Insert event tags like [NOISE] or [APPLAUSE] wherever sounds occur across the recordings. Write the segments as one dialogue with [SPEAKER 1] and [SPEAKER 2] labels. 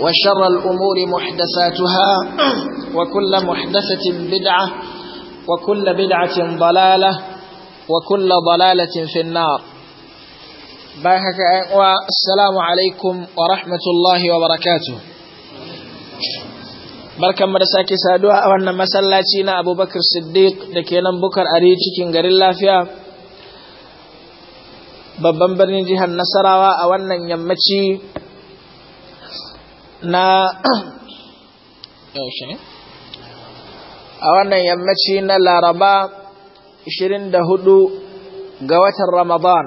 [SPEAKER 1] وشر الأمور محدثاتها وكل محدثة بدعة وكل بدعة ضلالة وكل ضلالة في النار باهك والسلام عليكم ورحمة الله وبركاته barkan mu da sake saduwa a wannan masallaci na abubakar siddiq da ke nan ari cikin garin lafiya babban birnin jihar nasarawa a wannan yammaci na yaushe ne a wannan yammaci na laraba 24 ga watan ramadan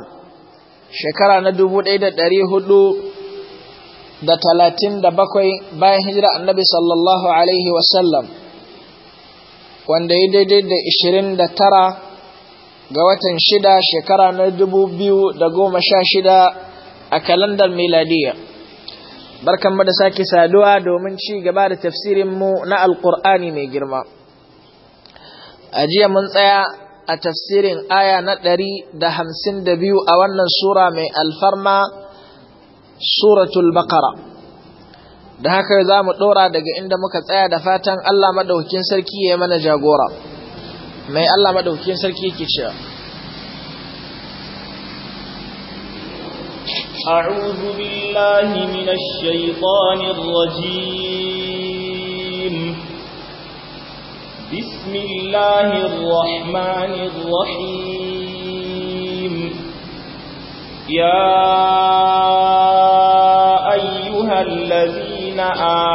[SPEAKER 1] shekara na 1437 bayan hijira annabi sallallahu alaihi wasallam wanda ya daidai da 29 ga watan shida shekara na dubu biyu da goma sha shida a kalandar miladiyya barkan mu da sake saduwa domin ci gaba da tafsirin mu na alqur'ani mai girma a jiya mun tsaya a tafsirin aya na ɗari da hamsin da biyu a wannan sura mai alfarma suratul baqara da haka za mu ɗora daga inda muka tsaya da fatan allah maɗaukin sarki ya mana jagora mai allah maɗaukin sarki ke cewa أعوذ بالله من الشيطان الرجيم بسم الله الرحمن الرحيم يا أيها الذين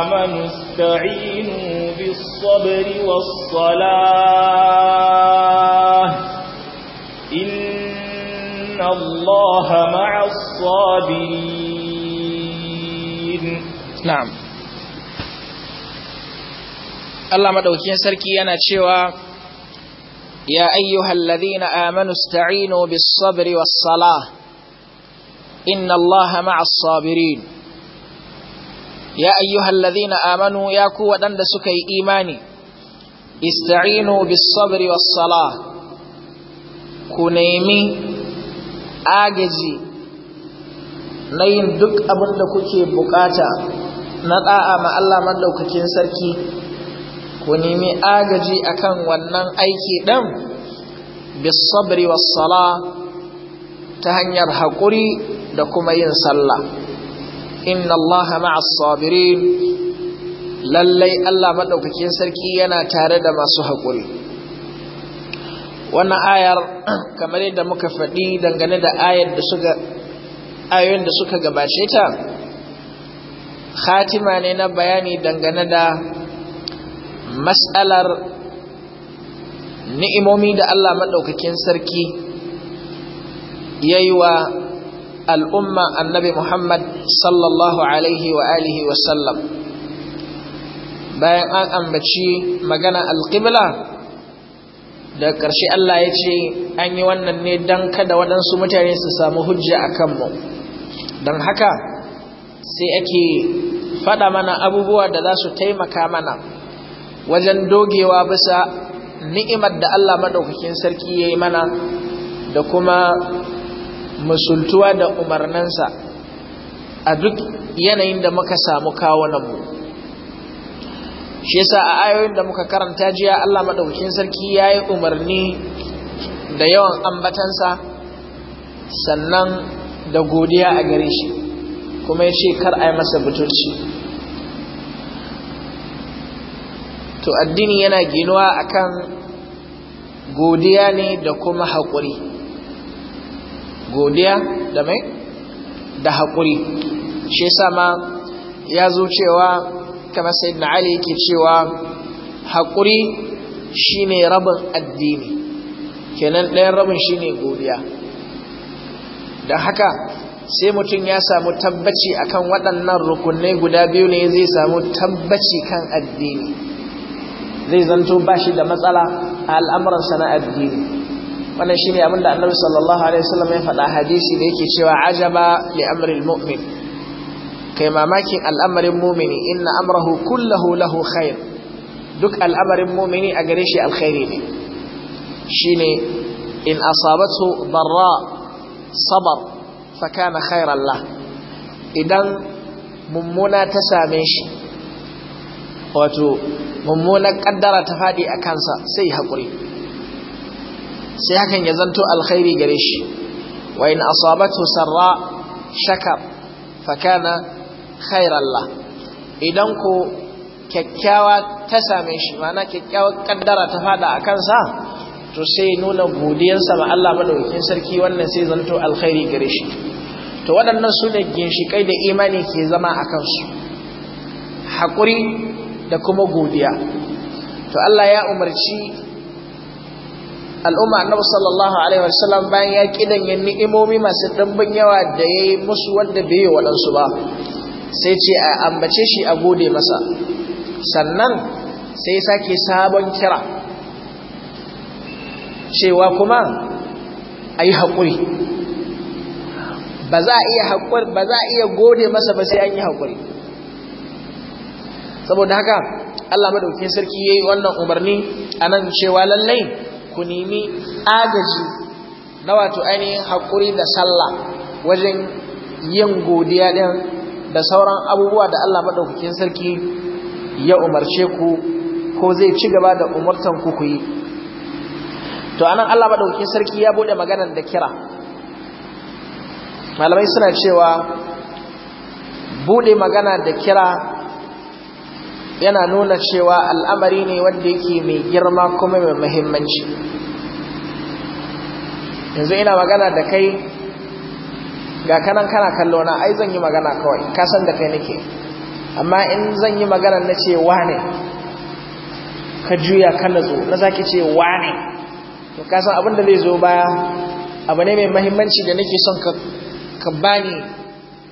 [SPEAKER 1] آمنوا استعينوا بالصبر والصلاة إن إن الله مع الصابرين نعم الله مدوكين سركي أنا شوى يا أيها الذين آمنوا استعينوا بالصبر والصلاة إن الله مع الصابرين يا أيها الذين آمنوا يا كوة دند سكي إيماني استعينوا بالصبر والصلاة ku nemi agaji na yin duk abinda kuke bukata na da'a ma Allah madaukakin sarki ku nemi agaji akan wannan aiki ɗan bisabri Sala ta hanyar haƙuri da kuma yin sallah inna Allah ma'as sabirin lallai Allah madaukakin sarki yana tare da masu haƙuri wannan ayar kamar yadda muka faɗi dangane da ayar da suka ayoyin da suka gabace ta khatima ne na bayani dangane da mas'alar ni'imomi da Allah maɗaukakin sarki ya wa al'umma annabi Muhammad sallallahu alaihi wa alihi wasallam bayan an ambaci magana al-qibla? da ƙarshe Allah ya ce an yi wannan ne don kada waɗansu mutane su samu hujja a kanmu don haka sai ake faɗa mana abubuwa da za su taimaka mana wajen dogewa bisa ni'imar da Allah maɗaukakin sarki ya yi mana da kuma musultuwa da umarninsa a duk yanayin da muka samu kawunanmu shi yasa a ayoyin da muka karanta jiya Allah madaukakin sarki yayi umarni da yawan ambatansa sannan da godiya a gare shi kuma yace kar a yi masa butulci to addini yana ginuwa akan godiya ne da kuma haƙuri godiya da mai da haƙuri shi yasa ma ya zo cewa kamar na ali yake cewa haƙuri shine rabin addini kenan ɗayan rabin shine godiya don haka sai mutum ya samu tabbaci akan waɗannan rukunai guda biyu ne zai samu tabbaci kan addini zai zanto ba shi da matsala a al'amuransa na addini wannan shine abinda annabi sallallahu alaihi wasallam ya faɗa hadisi da yake cewa ajaba li amril mu'min kai mamakin al'amarin mumini inna amrahu kullahu lahu khair duk al'amarin mumini a gare shi alkhairi ne shine in asabatu barra sabar fa kana khairan lah idan mummuna ta same shi wato mummuna kaddara ta fadi a kansa sai haƙuri sai hakan ya zanto alkhairi gare shi wa in asabatu sarra shakar fa kana Kairalla idan ku kyakkyawa ta same shi mana kyakkyawar kaddara ta fada a kansa to sai nuna godiyarsa ba Allah madaukakin sarki wannan sai zanto alkhairi gare shi to waɗannan sune ne ginshiƙai da imani ke zama a kansu hakuri da kuma godiya to Allah ya umarci al'umma annabi sallallahu alaihi wasallam bayan ya yan ni'imomi masu dambin yawa da yayi musu wanda bai yi waɗansu ba sai ce a ambace shi a gode masa sannan sai sake sabon kira cewa kuma a yi haƙuri ba za a iya gode masa ba sai an yi haƙuri saboda haka Allah madaukin sarki ya yi wannan umarni a nan cewa lallai ku nemi agaji na wato ainihin haƙuri da sallah wajen yin godiya ɗin da sauran abubuwa da Allah madaukakin sarki ya umarce ku ko zai ci gaba da umartan ku ku yi to anan Allah madaukakin sarki ya bude maganar da kira malamai suna cewa bude magana da kira yana nuna cewa al'amari ne wanda yake mai girma kuma mai muhimmanci yanzu ina magana da kai ga kanan kana kallo na ai zan yi magana kawai ka san da kai nake amma in zan yi magana na ce wane ka juya ka zo na zaki ce wane to ka san abin da zai zo baya abu ne mai muhimmanci da nake son ka bani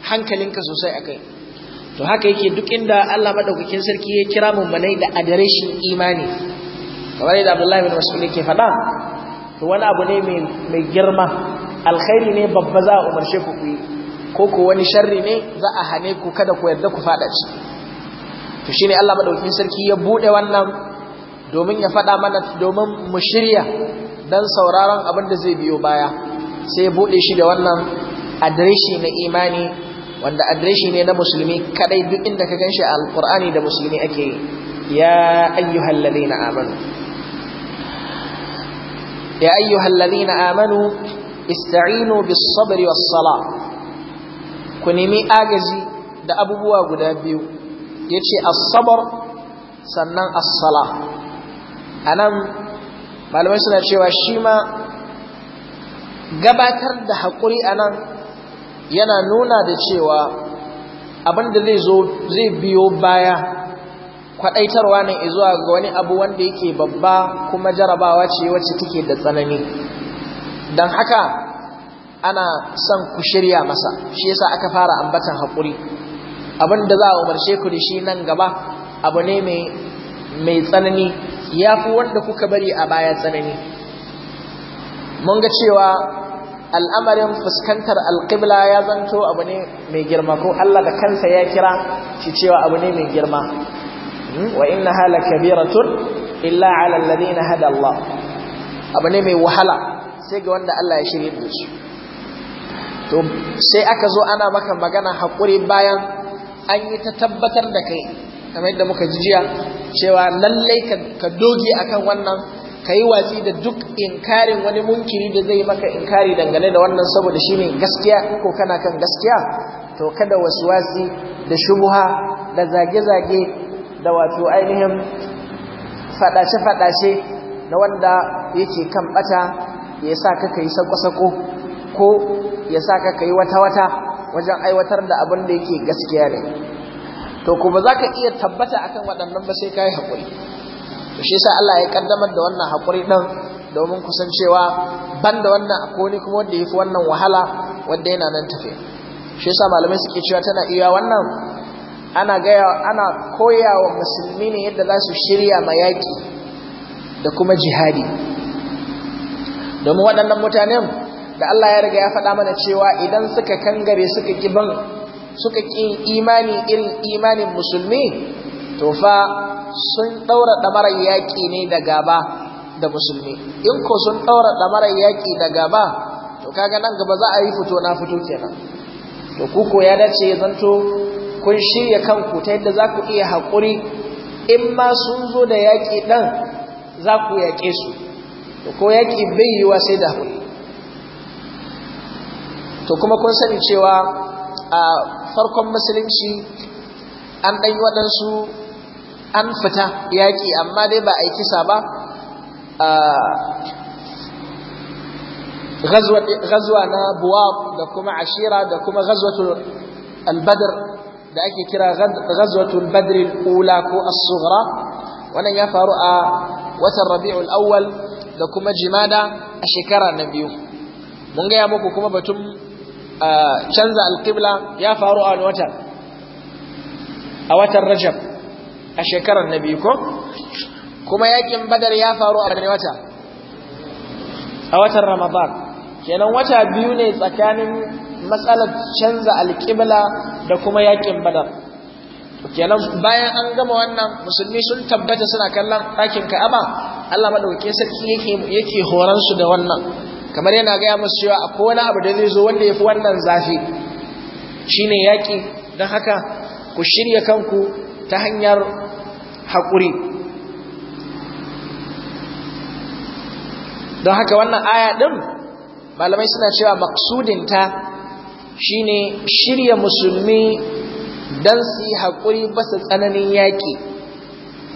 [SPEAKER 1] hankalinka sosai akai to haka yake duk inda Allah madaukakin sarki ya kira manai da adireshin imani kamar yadda Abdullahi bin Mas'ud yake faɗa to wani abu ne mai girma alkhairi ne babba za a umarce ku ku ko ko wani sharri ne za a hane ku kada ku yarda ku fada ci to shine Allah maɗaukin sarki ya bude wannan domin ya fada mana domin mu shirya dan sauraron abin da zai biyo baya sai ya bude shi da wannan adireshi na imani wanda adireshi ne na musulmi kadai duk inda ka ganshi a alqur'ani da musulmi ake ya ayyuhal ladina amanu ya ayyuhal ladina amanu ista'inu bis sabri was sala ku nemi agaji da abubuwa guda biyu yace as-sabr sannan as-sala anan malamai suna cewa shi ma gabatar da hakuri anan yana nuna da cewa abin da zai zo zai biyo baya kwaɗaitarwa ne zuwa ga wani abu wanda yake babba kuma jarabawa ce wacce take da tsanani dan haka ana son ku shirya masa shi yasa aka fara ambatan hakuri. abinda za a umarce ku da shi nan gaba abu ne mai tsanani yafi wanda kuka bari a baya tsanani mun ga cewa al'amarin fuskantar alqibla ya zanto abu ne mai girma ko Allah da kansa ya kira shi cewa abu ne mai girma hmm? wa inna hala kabiratun illa ala alladhina hada Allah abu ne mai wahala sai ga wanda Allah ya shirye da shi to sai aka zo ana maka magana hakuri bayan an yi ta tabbatar da kai kamar yadda muka ji jiya cewa lallai ka doge akan wannan ka yi watsi da duk inkarin wani munkiri da zai maka inkari dangane da wannan saboda shi ne gaskiya ko kana kan gaskiya to kada wasuwasi da shubuha da zage-zage da wato ainihin faɗace-faɗace na wanda yake kan ɓata ya sa ka yi sako-sako ko ya sa ka yi wata-wata wajen aiwatar da abin da yake gaskiya ne to kuma za ka iya tabbata akan waɗannan ba sai ka yi haƙuri to shi sa Allah ya ƙaddamar da wannan haƙuri ɗin domin kusancewa ban da wannan akwai kuma wanda ya fi wannan wahala wanda yana nan tafe shi sa malamai suke cewa tana iya wannan ana gaya ana koyawa musulmi ne yadda za su shirya mayaki da kuma jihadi domin waɗannan mutanen da Allah ya riga ya faɗa mana cewa idan suka kangare suka kiban suka ƙi imani irin imanin musulmi to fa sun ɗaura ɗamarar yaƙi ne da gaba da musulmi in ko sun ɗaura ɗamarar yaƙi da gaba to kaga nan gaba za a yi fito na fito kenan to kuko ya dace ya zanto kun shirya kanku ta yadda za ku iya haƙuri in ma sun zo da yaƙi ɗan za ku yaƙe su ko yaƙi bai yiwa sai da haƙuri to kuma kun sani cewa a farkon musulunci an ɗan yi waɗansu an fita yaƙi amma dai ba a yi kisa ba غزوة بواب دكما عشيرة da غزوة البدر da ake kira ghazwatul badr ula ko as wannan ya faru a watan rabi'ul awwal da kuma jimada a shekara na biyu mun gaya muku kuma batun canza alƙibla ya faru a watan a watan rajab a shekarar na biyu ko kuma yakin badar ya faru a wani wata a watan ramadan kenan wata biyu ne tsakanin matsalar canza alƙibla da kuma yakin badar kenan bayan an gama wannan musulmi sun tabbata suna kallon ɗakin ka'aba Allah madaukakin sarki yake yake horan su da wannan kamar yana gaya musu cewa akwai wani abu da zai zo wanda yafi wannan zafi shine yaki dan haka ku shirya kanku ta hanyar haƙuri don haka wannan aya din malamai suna cewa maksudin ta shine shirya musulmi don su yi haƙuri basa tsananin yaƙi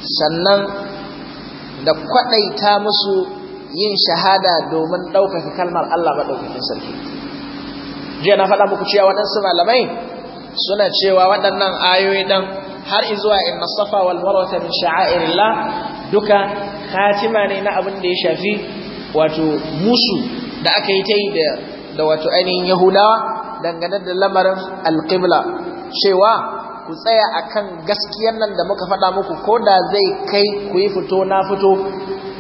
[SPEAKER 1] sannan da kwaɗaita musu yin shahada domin ɗaukaka kalmar Allah maɗaukakin sarki jiya na faɗa muku cewa waɗansu malamai suna cewa waɗannan ayoyi dan har izuwa in safa wal marwata min sha'airillah duka khatima ne na abin da ya shafi wato musu da aka yi ta yi da wato ainihin yahudawa dangane da lamarin alqibla cewa ku tsaya a kan gaskiyar nan da muka faɗa muku ko da zai kai ku yi fito na fito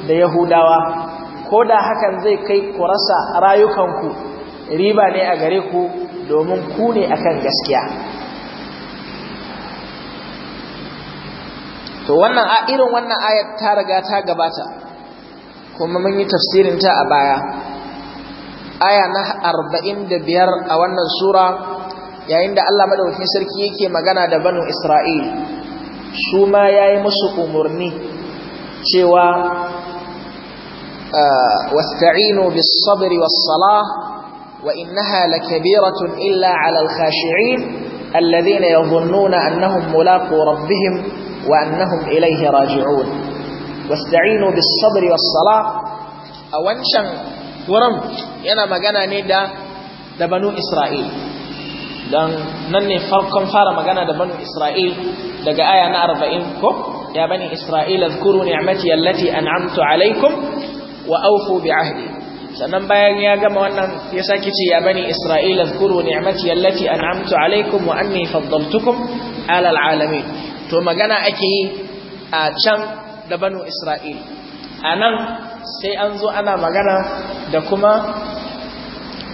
[SPEAKER 1] da yahudawa ko da hakan zai kai ku rasa rayukanku riba ne a gare ku domin ku ne a kan gaskiya to wannan a irin wannan ayat ta riga ta gabata kuma mun yi tafsirin ta a baya aya na 45 a wannan sura yayin da Allah madaukakin sarki yake magana da banu Isra'il su ma yayi musu umurni cewa ah, wasta'inu bis sabri was salah wa innaha lakabiratun illa 'alal khashi'in alladhina yadhunnuna annahum mulaqu rabbihim wa annahum ilayhi raji'un wasta'inu bis sabri was salah a wancan wurin yana magana ne da da banu Isra'il dan nan ne farkon fara magana da banu Isra'il daga aya na arba'in ko ya bani Isra'il azkuru ni'mati allati an'amtu alaikum wa awfu bi ahdi sannan bayan ya gama wannan ya saki ce ya bani Isra'il azkuru ni'mati allati an'amtu alaikum wa anni faddaltukum ala alalamin to magana ake yi a can da banu Isra'il anan sai an zo ana magana da kuma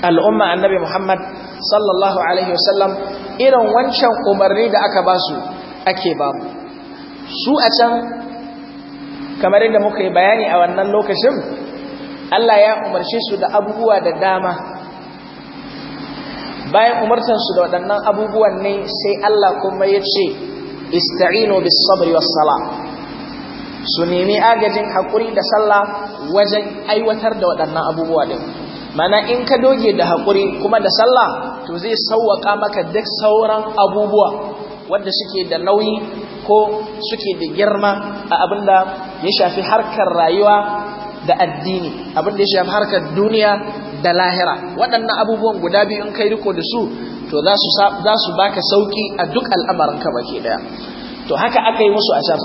[SPEAKER 1] al'umma annabi Muhammad sallallahu alaihi wasallam irin wancan umarni da aka ba su ake ba su a can kamar yadda muka yi bayani a wannan lokacin Allah ya umarce su da abubuwa da dama bayan umartansu da waɗannan abubuwan ne sai Allah kuma ya ce ista'inu bis sabri was sala su nemi agajin haƙuri da sallah wajen aiwatar da waɗannan abubuwa din mana in ka doge da haƙuri kuma da sallah to zai sauwaƙa maka duk sauran abubuwa wanda suke da nauyi ko suke da girma a abin da ya shafi harkar rayuwa da addini abin da ya shafi harkar duniya da lahira waɗannan abubuwan guda biyu in kai riko da su to za su baka sauki a duk al'amarinka baki daya to haka aka yi musu asar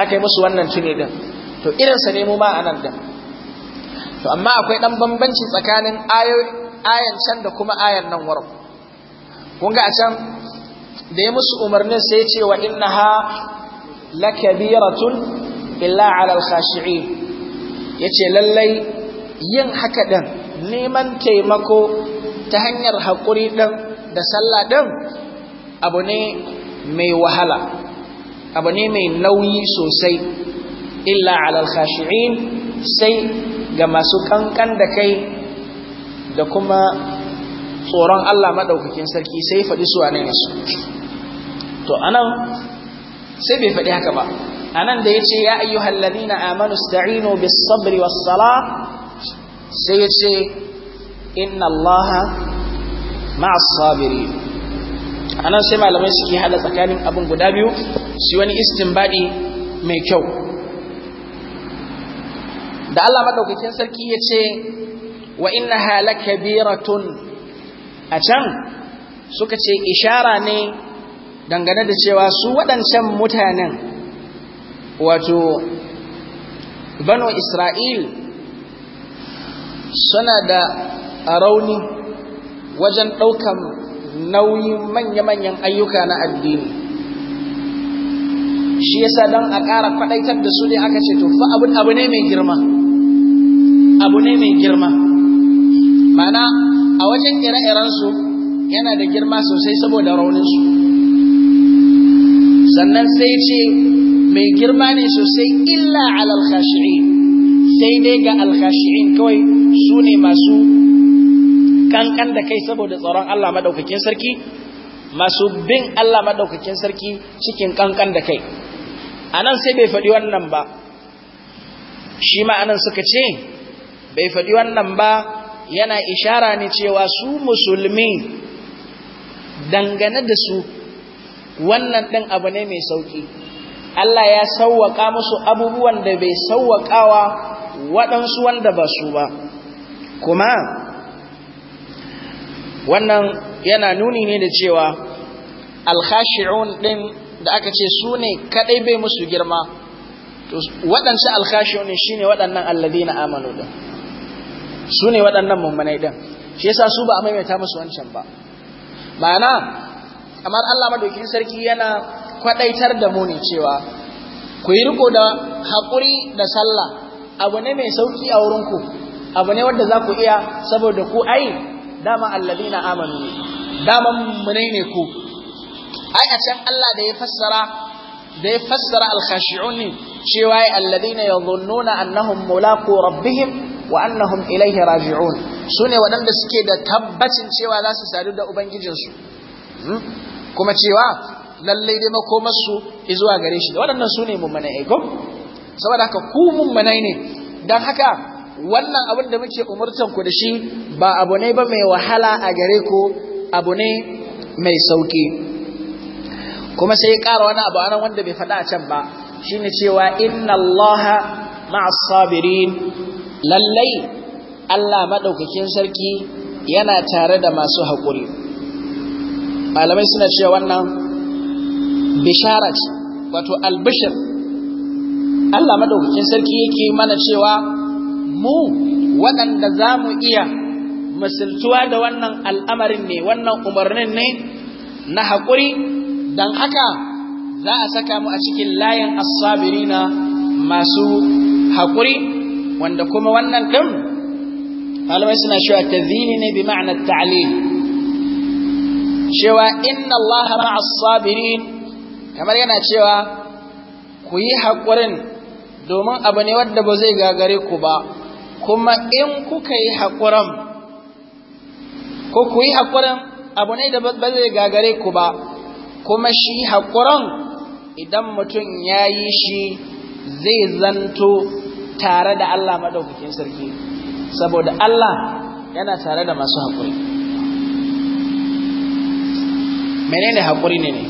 [SPEAKER 1] aka yi musu wannan tuni din to irinsa ne mu ma a nan to amma akwai dan bambanci tsakanin ayan can da kuma ayan nan warau kun ga a can da ya musu umarnin sai ce wa innaha lakabiratun illa ala alkhashi'i yace lallai yin haka din neman taimako ta hanyar hakuri din da sallah din abu ne mai wahala abu ne mai nauyi sosai illa ala alkhashi'in sai ga masu kankan da kai da kuma tsoron Allah maɗaukakin sarki sai faɗi su wane ne su to anan sai bai faɗi haka ba anan da ya ce ya ayyu hallari na amanu sta'inu bis sabri was sala sai ya ce inna Allaha ma'as sabirin anan sai malamai suke hada tsakanin abin guda biyu su wani baɗi mai kyau da Allah madaukakin sarki ya ce wa innaha lakabiratun a can suka ce ishara ne dangane da cewa su waɗancan mutanen wato banu isra'il suna da rauni wajen ɗaukan nauyin manya-manyan ayyuka na addini shi yasa don a ƙara faɗaitar da su ne aka ce to fa abu ne mai girma abu ne mai girma mana a wajen ire-irensu yana da girma sosai saboda rauninsu sannan sai ce mai girma ne sosai illa alal khashi'in sai dai ga alkhashi'in kawai su ne masu kankan da kai saboda tsaron Allah madaukakin sarki masu bin Allah madaukakin sarki cikin kankan da kai anan sai bai faɗi wannan ba shi ma anan suka ce bai faɗi wannan ba yana ishara ne cewa su musulmi dangane da su wannan ɗin abu ne mai sauƙi Allah ya sauwaƙa musu abubuwan da bai sauwaƙawa waɗansu wanda ba su ba kuma wannan yana nuni ne da cewa alkhashi'un ɗin da aka ce su ne kaɗai bai musu girma waɗansu alkhashi'un shi ne waɗannan alladina amanu da. su ne waɗannan mummunai ɗin shi yasa su ba a maimaita musu wancan ba ma'ana kamar Allah madaukin sarki yana kwadaitar da mu ne cewa ku yi riko da haƙuri da sallah abu ne mai sauki a wurinku abu ne wanda za ku iya saboda ku ai dama alladina amanu dama munai ne ku ai a can Allah da ya fassara da ya fassara al-khashi'un cewa alladina yadhunnuna annahum mulaqu rabbihim wa annahum ilaihi raji'un sune waɗanda suke da tabbacin cewa za su sadu da ubangijinsu hmm? kuma cewa lallai dai makomarsu zuwa gare shi da waɗannan sune mummanai aiko saboda haka ku mummanai ne dan haka wannan abin da muke umurtan ku da shi ba abu ne ba mai wahala a gare ku abu ne mai sauki kuma sai ƙara wani abu anan wanda bai faɗa a can ba shine cewa inna allaha ma'as sabirin lallai Allah maɗaukakin sarki yana tare da masu haƙuri malamai suna cewa wannan bishara wato albishir Allah maɗaukakin sarki yake mana cewa mu waɗanda za mu iya misaltuwa da wannan al'amarin ne wannan umarnin ne na haƙuri don haka za a saka mu a cikin layin na masu haƙuri wanda kuma wannan ɗin malamai suna cewa tazini ne bi ma'ana ta'lil cewa inna allaha ma'as sabirin kamar yana cewa ku yi haƙurin domin abu ne wadda ba zai gagare ku ba kuma in kuka yi haƙurin ko ku yi haƙurin abu ne da ba zai gagare ku ba kuma shi haƙurin idan mutum ya yi shi zai zanto tare da Allah madaukakin sarki saboda Allah yana tare da masu haƙuri menene haƙuri ne ne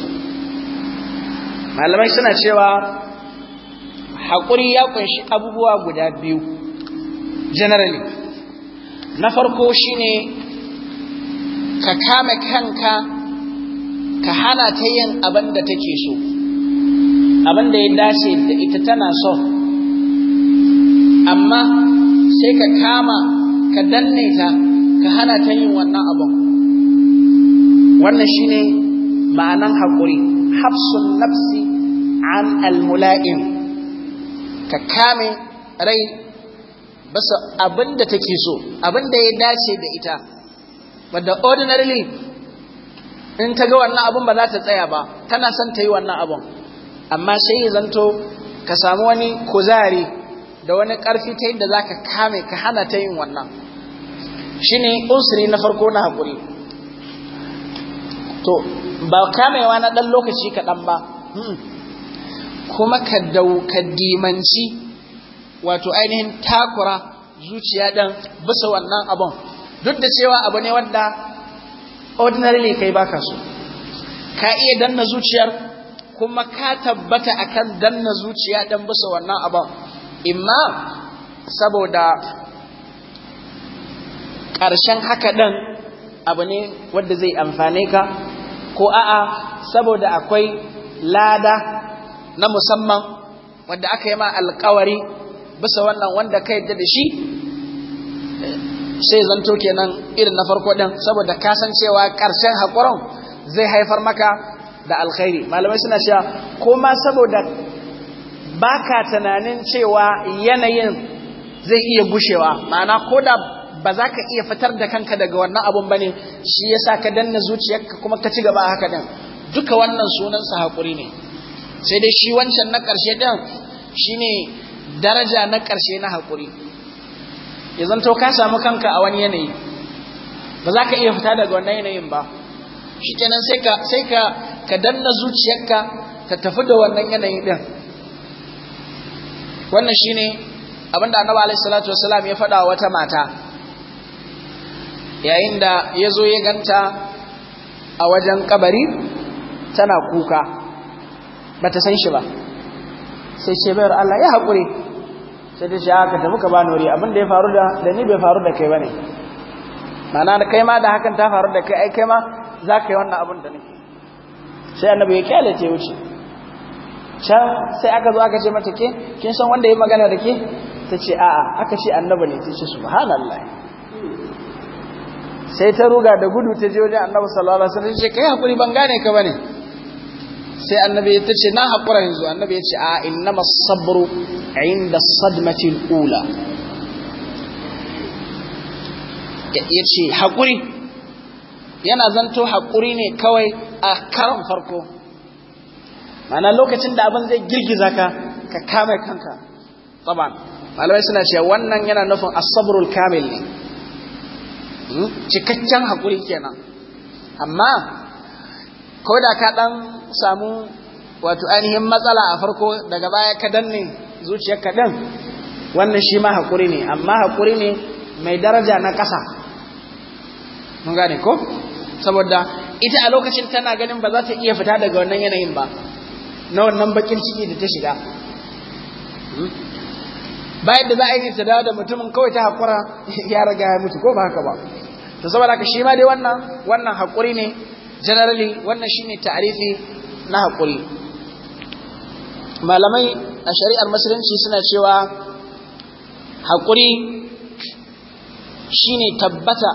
[SPEAKER 1] malamai suna cewa haƙuri ya kunshi abubuwa guda biyu generally na farko shine ka kame kanka ka hana ta yin abin da take so abin da ya dace da ita tana so amma sai ka kama ka danne ta ka hana ta yin wannan abun wannan shine ma'anan haƙuri hafsun nafsi an almula'im ka kame rai basa abin da take so abin ya dace da ita wadda ordinarily in ta ga wannan abun ba za ta tsaya ba tana son ta yi wannan abun amma sai ya zanto ka samu wani kuzari da wani ƙarfi ta da za ka kame ka hana ta yin wannan shi ne unsuri na farko na haƙuri to ba kamewa na ɗan lokaci kaɗan ba hmm. kuma ka dimanci wato ainihin takura zuciya ɗan bisa wannan abun duk da cewa abu ne wanda ordinarily kai baka so ka iya danna zuciyar kuma ka tabbata akan danna zuciya ɗan bisa wannan abun imma saboda ƙarshen haka ɗan abu ne wadda zai amfane ka ko a'a saboda akwai lada na musamman wadda aka yi ma alkawari bisa wannan wanda ka yadda da shi sai zanto kenan irin na farko ɗin saboda kasancewa ƙarshen haƙuran zai haifar maka da alkhairi malamai suna cewa ko ma saboda ba ka tunanin cewa yanayin zai iya gushewa ma'ana ko da ba za ka iya fitar da kanka daga wannan abun ba ne shi ya sa ka danna zuciyarka kuma ka ci gaba haka din duka wannan sunansa haƙuri ne sai dai shi wancan na ƙarshe din shi daraja na ƙarshe na haƙuri ya zanto ka samu kanka a wani yanayi ba za ka iya fita daga wannan yanayin ba shi kenan sai ka ka ka danna zuciyarka ka tafi da wannan yanayi din wannan shine abinda annabi alaihi salatu wasalam ya faɗa wata mata yayin da ya zo ya ganta a wajen kabari tana kuka ba ta san shi ba sai ce bayar Allah ya haƙure. sai ta ce haka muka ka bani wuri abinda ya faru da ni bai faru da kai ba ne mana kai ma da hakan ta faru da kai ai kai ma za ka yi wannan abin da nake sai annabi ya kyale ta wuce can sai aka zo aka ce mata ke kin san wanda ya magana da ke ta ce a'a aka ce annabi ne ta ce subhanallah sai ta ruga da gudu ta je wajen annabi sallallahu alaihi wasallam ta ce kai hakuri ban gane ka bane sai annabi ta ce na hakura yanzu annabi ya ce a innama sabru inda sadmatil ula ya ce hakuri yana zanto hakuri ne kawai a karon farko mana lokacin da abin zai girgiza ka ka kame kanka tsaba malamai suna cewa wannan yana nufin asabrul kamil ne hmm? cikakken haƙuri kenan amma ko ka ɗan samu wato ainihin matsala a farko daga baya ka danne zuciyar ka wannan shi ma haƙuri ne amma haƙuri ne mai daraja na ƙasa mun gane ko saboda ita a lokacin tana ganin ba za ta iya fita daga wannan yanayin ba na wannan bakin ciki da ta shiga bayan da za a yi ta dawo da mutumin kawai ta haƙura [LAUGHS] ya raga ya mutu ko ba haka ba ta saboda haka shi ma dai wannan wannan haƙuri ne generally wannan shine ta'arifi na haƙuri malamai a shari'ar musulunci suna cewa haƙuri shine tabbata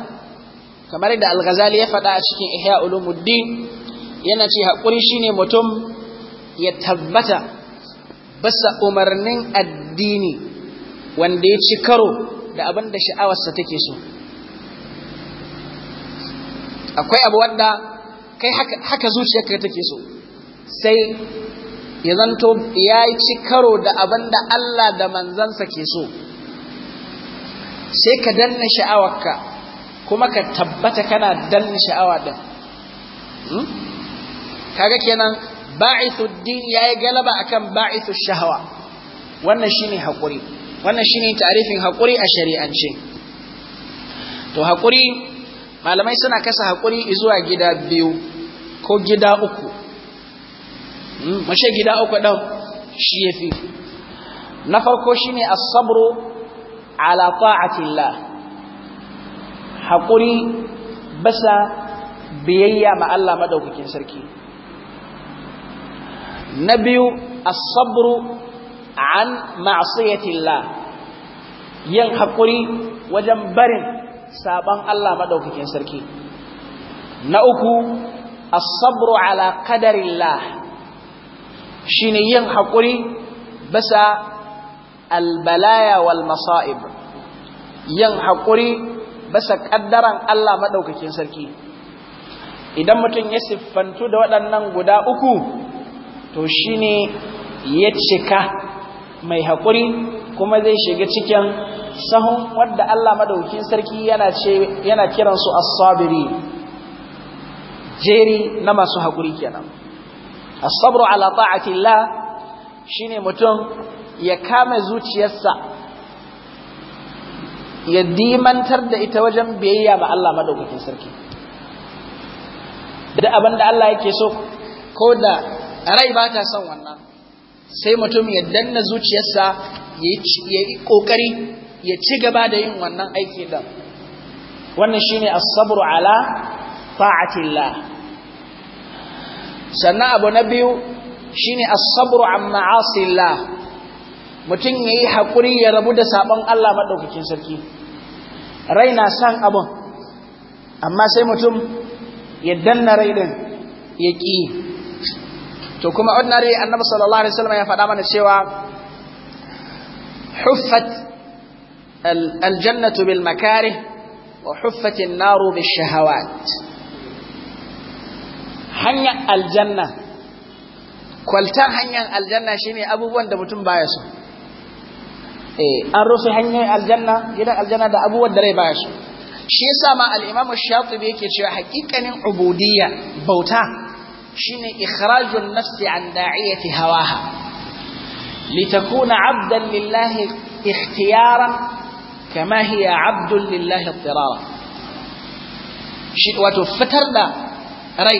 [SPEAKER 1] kamar da al-ghazali ya faɗa a cikin ihya ulumuddin yana ce haƙuri shine mutum ya tabbata basa umarnin addini wanda ya ci karo da abin da sha'awarsa take so akwai abu wanda kai haka zuciyarka take so sai ya zanto ya ci karo da abin da Allah da manzansa ke so sai ka danna sha'awarka kuma ka tabbata kana danna sha'awa ɗin hmm? kaga kenan ba'isu din yayi galaba akan ba'isu shahwa wannan shine hakuri wannan shine tarifin hakuri a shari'ance to hakuri malamai suna kasa hakuri zuwa gida biyu ko gida uku mashe hmm, gida uku dan shi yafi na farko shi ne sabru ala ta'atillah haƙuri basa biyayya ma Allah madaukakin sarki na biyu asabru sabru an ma'siyatillah yin haƙuri wajen barin saɓon Allah Maɗaukakin sarki na uku asabru sabru ala qadarillah shine yin hakuri bisa albalaya wal masa'ib yin haƙuri bisa kaddaran Allah Maɗaukakin sarki idan mutum ya siffantu da waɗannan guda uku to shi ne ya cika mai haƙuri kuma zai shiga cikin sahun wadda Allah madaukin sarki yana kiransu a sabiri jeri na masu haƙuri kenan as-sabru ala ta'atillah ne mutum ya kama zuciyarsa ya dimantar da ita wajen biyayya ba Allah Madaukin sarki da abin da Allah yake so ko da rai ba ta son wannan sai mutum ya danna zuciyarsa ya yi ƙoƙari ya ci gaba da yin wannan aiki din wannan shi ne asabru ala ta'atillah sannan abu na biyu shi ne asabru an ma'asillah mutum ya yi haƙuri ya rabu da saɓon Allah maɗaukakin sarki rai na son abun amma sai mutum ya danna rai din ya ƙi to kuma ordinary annabi sallallahu alaihi wasallam ya faɗa mana cewa huffat aljannatu bil makarih wa huffat an-naru bis shahawat hanya aljanna kwaltar hanyar aljanna shine abubuwan da mutum baya so eh an rufe hanyar aljanna gidan aljanna da abubuwan da rai baya so shi yasa ma al-imam shatibi yake cewa haƙiƙanin ubudiyya bauta شن إخراج النفس عن داعية هواها لتكون عبدا لله اختيارا كما هي عبد لله اضطرارا وتفتر لا ري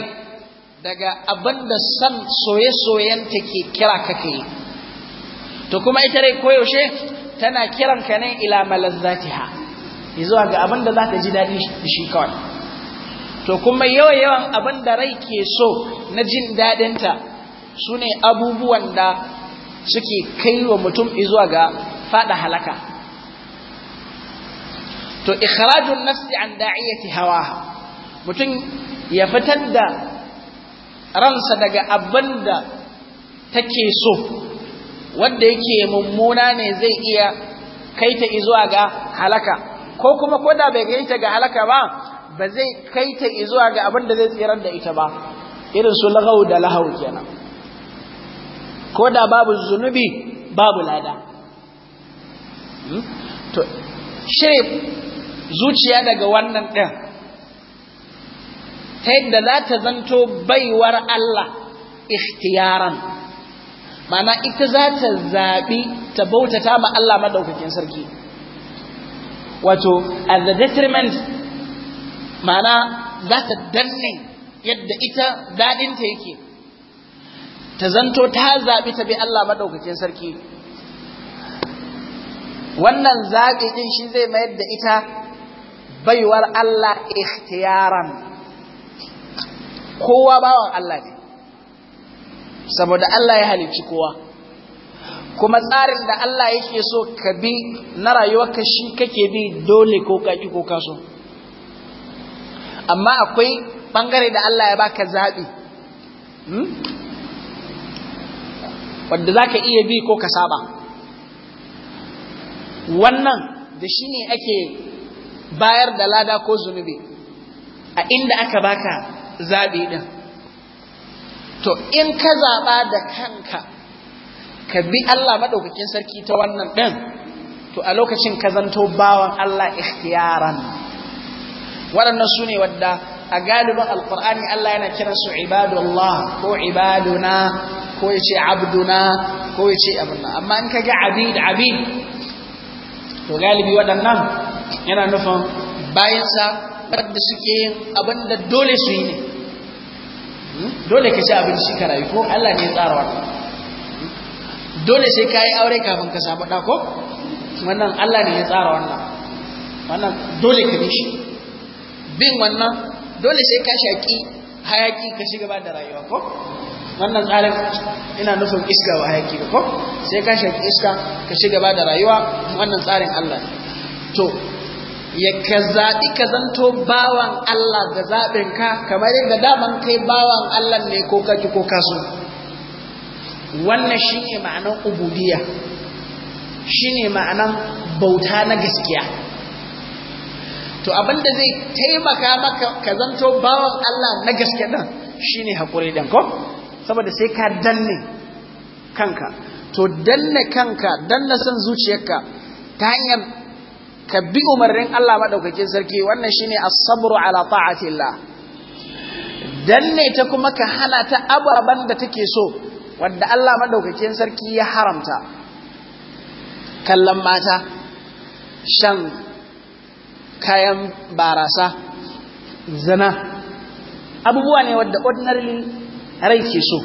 [SPEAKER 1] دقا أبند السن سوي سوي ينتكي كرا ككي تكما إتري كوي وشي تنا كرا كني إلى ملذاتها إذا أبند ذات جدا ديشي كوي to kuma yawan yawan abin da rai ke so na jin daɗinta su ne abubuwan da suke kai wa mutum izuwa ga fada halaka to ikhrajun nafsi an da'iyati hawa mutum ya fitar da ransa daga abin da take so wanda yake mummuna ne zai iya kaita izuwa ga halaka ko kuma koda bai gaita ga halaka ba ba zai kai ta zuwa ga abin da zai tsirar da ita ba irin su lagau da lahau kenan ko da babu zunubi babu lada hmm? to shi zuciya daga wannan ɗin ta yadda za ta zanto baiwar Allah ikhtiyaran mana ita za ta zaɓi ta bautata ma Allah maɗaukakin sarki wato at the detriment ma'ana za ta danne yadda ita daɗinta yake ta zanto ta zaɓi ta bi Allah maɗaukakin sarki wannan zaɓi ɗin shi zai mayar da ita baiwar Allah ikhtiyaran kowa bawan Allah ne saboda Allah ya halicci kowa kuma tsarin da Allah yake so ka bi na rayuwarka shi kake bi dole ko kaki ko kaso amma akwai ɓangare da Allah ya baka zaɓi hmm? wadda za ka iya bi ko ka saba wannan da shi ne ake bayar da lada ko zunubi a inda aka baka zaɓi ɗin to in ka zaɓa da kanka ka bi Allah maɗaukakin sarki ta wannan ɗin to a lokacin ka zanto bawan Allah ikhtiyaran waɗannan su ne wadda a galibin alkur'ani Allah yana kiran su ibadullah ko ibaduna ko ya ce abduna ko ya ce abunna amma in ka ga abid abid to galibi waɗannan yana nufin bayansa wadda suke yin abin da dole su yi ne hmm? dole ka ci abinci ka rayu ko Allah ne ya tsara wannan hmm? dole sai ka yi aure kafin ka samu ɗako wannan Allah ne ya tsara wannan wannan dole ka bi shi bin wannan dole sai ka shaki hayaki ka shiga ba da rayuwa ko wannan tsarin ina nufin iska wa hayaki ko sai ka shaki iska ka shiga ba da rayuwa wannan tsarin Allah to ya ka zaɓi ka zanto bawan Allah da zaɓin ka kamar yadda daman kai bawan Allah ne ko kaki ko kaso wannan shi ne ma'anar ubudiyya shi ne ma'anar bauta na gaskiya to abinda zai taimaka maka ka zanto bawan Allah na gaske ɗin shine haƙuri ɗin ko saboda sai ka danne kanka to danne kanka danne son zuciyarka ta hanyar ka bi umarnin Allah maɗaukakin sarki wannan shine as-sabru ala tela danne ta kuma ka hana ta ababen da take so wanda Allah maɗaukakin sarki ya haramta kallon mata shan kayan barasa zana abubuwa ne wadda ordinarily rai ke so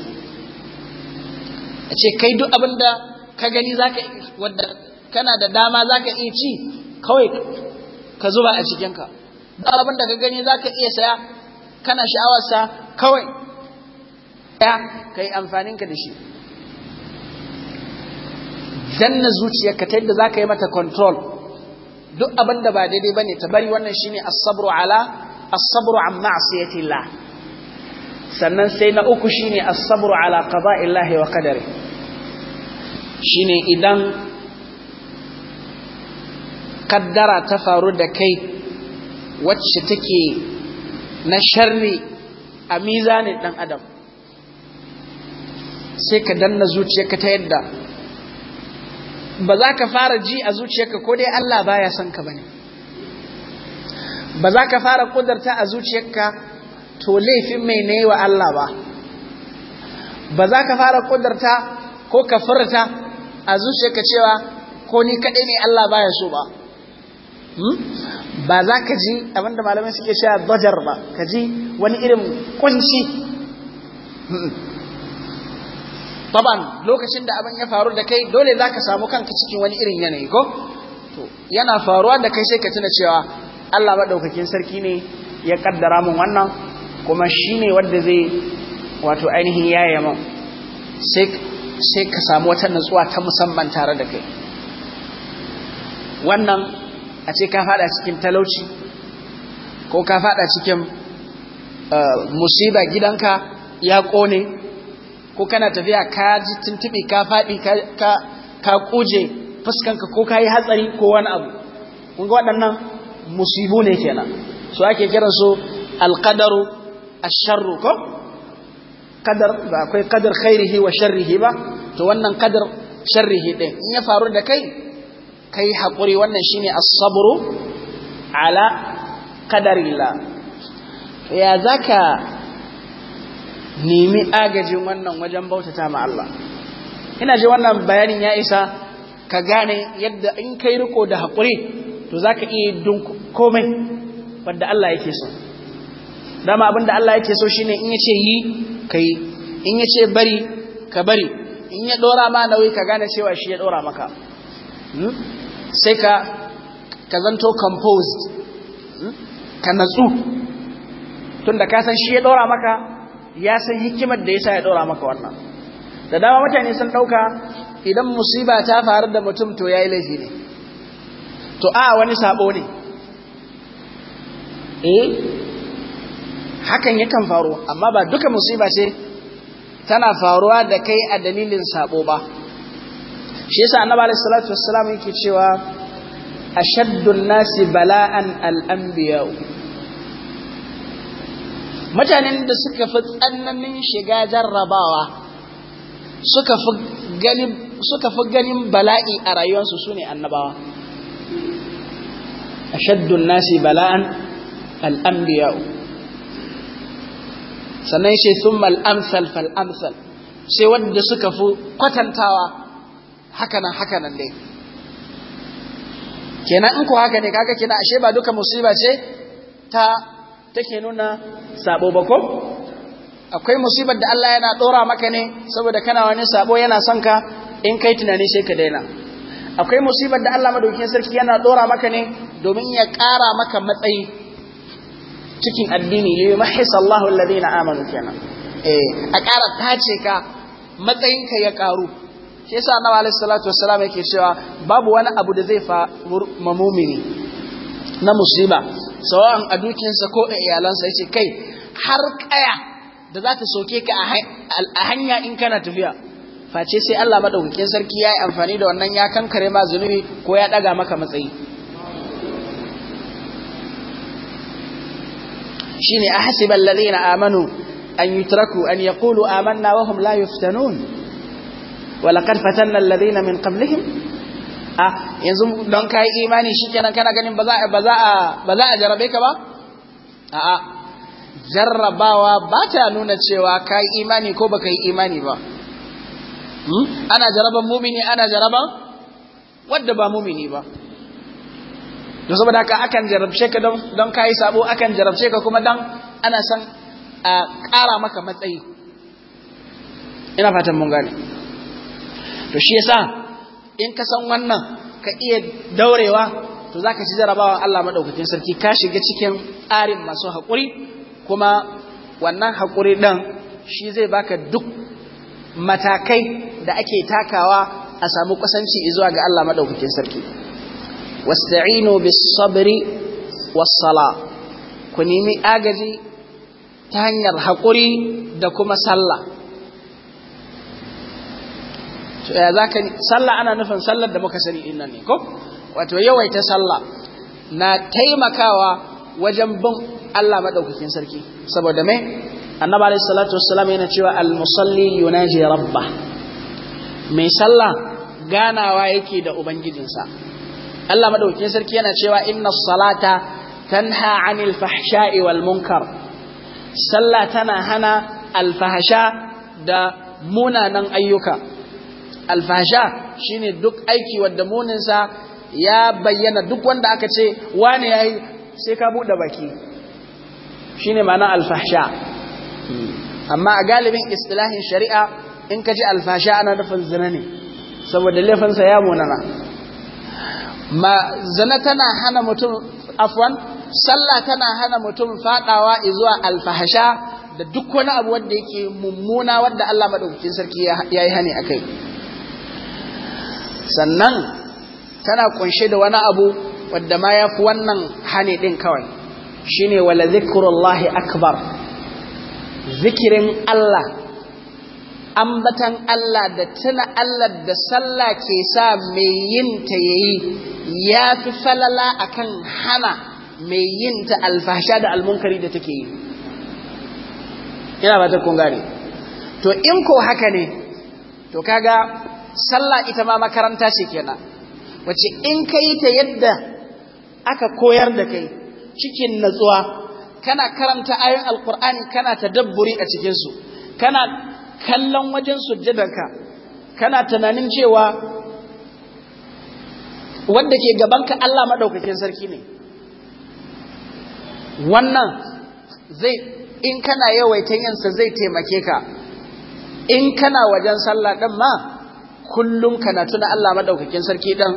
[SPEAKER 1] a ce kai duk abinda ka gani zaka wadda kana da dama zaka iya ci kawai ka zuba a cikinka duk abinda ka gani zaka iya saya kana sha'awarsa kawai ya ka yi amfaninka da shi danna zuciyarka ta yadda zaka yi mata control duk abin da ba daidai bane ta bari wannan shine as-sabru ala as-sabru an Allah sannan sai na uku shine as-sabru ala qada'illahi wa qadari shine idan kaddara ta faru da kai wacce take na sharri a mizanin dan adam sai ka danna zuciyarka ta yadda ba za ka fara ji a zuciyarka ko dai Allah ba ya son ka bane ba za ka fara kudarta a zuciyarka to laifin mai ne wa Allah ba ba za ka fara kudarta ko ka furta a zuciyarka cewa ko ni kaɗai ne Allah baya so ba hmm? ba za ka ji abinda malamai suke cewa dajar ba ka ji wani irin kunci hmm. taban lokacin da abin ya faru da kai dole za ka samu kanka cikin wani irin yanayi ko yana faruwa da kai sai ka tuna cewa Allah maɗaukakin sarki ne ya kaddara mun wannan kuma shi ne wanda zai wato ainihin yaya min sai ka samu wata natsuwa ta musamman tare da kai wannan a ce ka fada cikin talauci ko ka fada cikin eh, musiba gidanka ya ƙone ko kana tafiya ka ji tuntuɓe ka faɗi ka kuje fuskanka ko ka yi hatsari ko wani abu Kunga waɗannan musibu ne kenan so ake kiran su alƙadaru asharru ko kadar ba akwai kadar khairihi wa sharrihi ba to wannan kadar sharrihi ɗin in ya faru da kai kai hakuri wannan shine as-sabru ala qadarillah ya zaka nemi agajin wannan wajen bautata ma Allah ina ji wannan bayanin ya isa ka gane yadda in kai riko da haƙuri to za ka iya dun komai wadda Allah yake so dama abin da Allah yake so shine in yace yi ka yi in yace bari ka bari in ya ɗora ma nauyi ka gane cewa shi ya ɗora maka hmm? sai ka ka zanto composed hmm? ka natsu tunda ka san shi ya ɗora maka ya san hikimar da yasa ya ɗora maka wannan da dama mutane sun ɗauka idan musiba ta faru da mutum to yayi laifi ne to a wani sabo ne eh hakan yakan faru amma ba duka musiba ce tana faruwa da kai a dalilin sabo ba shi yasa annabi alaihi salatu wassalam yake cewa shaddun nasi bala'an al-anbiya'u mutanen da suka fi tsananin shiga jarrabawa suka fi ganin suka fi ganin bala'i a rayuwarsu sune annabawa ashaddun nasi bala'an al-anbiya'u sannan shi thumma al-amsal fal amsal sai wanda suka fi kwatantawa hakanan hakanan dai kenan in ku haka ne kaga kina ashe ba duka musiba ce ta take nuna sabo ba akwai musibar da Allah yana dora maka ne saboda kana wani sabo yana son ka in kai tunani sai ka daina akwai musibar da Allah madaukin sarki yana dora maka ne domin ya kara maka matsayi cikin addini li yumahhis allah alladhina amanu kenan eh a kara tace ka ka ya karu shi yasa annabi sallallahu salatu wasallam yake cewa babu wani abu da zai fa mamumini na musiba sawan a dukiyarsa ko a iyalansa ce kai har kaya da za ta soke ka a hanya in kana tafiya face sai Allah madaukakin sarki ya yi amfani da wannan ya kankare ma zunubi ko ya daga maka matsayi shine ahsiba alladhina amanu an yutraku an kulu amanna wahum hum la yuftanun fatan na الذين min قبلهم yanzu don kai imani imani shikenan kana ganin ba za a ba za a ba za a jarabe ka ba a'a jarrabawa ba ta nuna cewa ka yi imani ko baka yi imani ba hmm? ana jaraban mumini ana jaraban wadda ba mumini ba don saboda haka akan jarabce ka don don kai sabo akan jarabce ka kuma don ana san a ƙara maka matsayi ina fatan mun gane to shi yasa in ka san wannan ka iya daurewa to za ka ci jarabawa Allah maɗaukakin sarki ka shiga cikin tsarin masu haƙuri kuma wannan haƙuri ɗin shi zai baka duk matakai da ake takawa a samu kusanci zuwa ga Allah maɗaukakin sarki wasta'inu bis sabri was sala ku nemi agaji ta hanyar haƙuri da kuma sallah Eh, zaka sallah ana nufin sallar da muka sani innan ne ko wato yawaita sallah na taimakawa wajen bin Allah maɗaukakin sarki saboda me annaba alayhi salatu wassalam yana cewa al musalli yunaji rabbah mai sallah ganawa yake da ubangijinsa Allah maɗaukakin sarki yana cewa inna salata tanha anil fahsha'i wal munkar sallah tana hana alfahasha da munanan ayyuka alfasha shine duk aiki wadda muninsa ya bayyana duk wanda aka ce wane yayi sai ka bude baki shine mana alfasha amma a galibin istilahin shari'a in ka ji alfasha ana nufin zina ne saboda laifinsa ya munana ma zina tana hana mutum afwan sallah tana hana mutum fadawa zuwa alfahasha da duk wani abu wanda yake mummuna wanda Allah madaukakin sarki ya yi hani akai sannan tana kunshe da wani abu wadda ma ya fi wannan hane ɗin kawai shi ne wala zikrullahi akbar zikirin Allah ambatan Allah da tuna Allah da sallah ke sa mai yin ta yayi ya fi falala kan hana mai yin ta alfasha da almunkari da take yi ina ba ta to in ko haka ne to kaga sallah ita ma makaranta ce kenan Wace in ka yi ta yadda aka koyar da kai cikin natsuwa kana karanta ayoyin alkur'ani kana tadabburi a cikinsu kana kallon wajen sujjadanka kana tunanin cewa wanda ke gabanka Allah maɗaukakin sarki ne wannan zai in kana yawaitan yansa zai taimake ka in kana wajen sallah ɗin ma kullum kana tuna Allah madaukakin sarki dan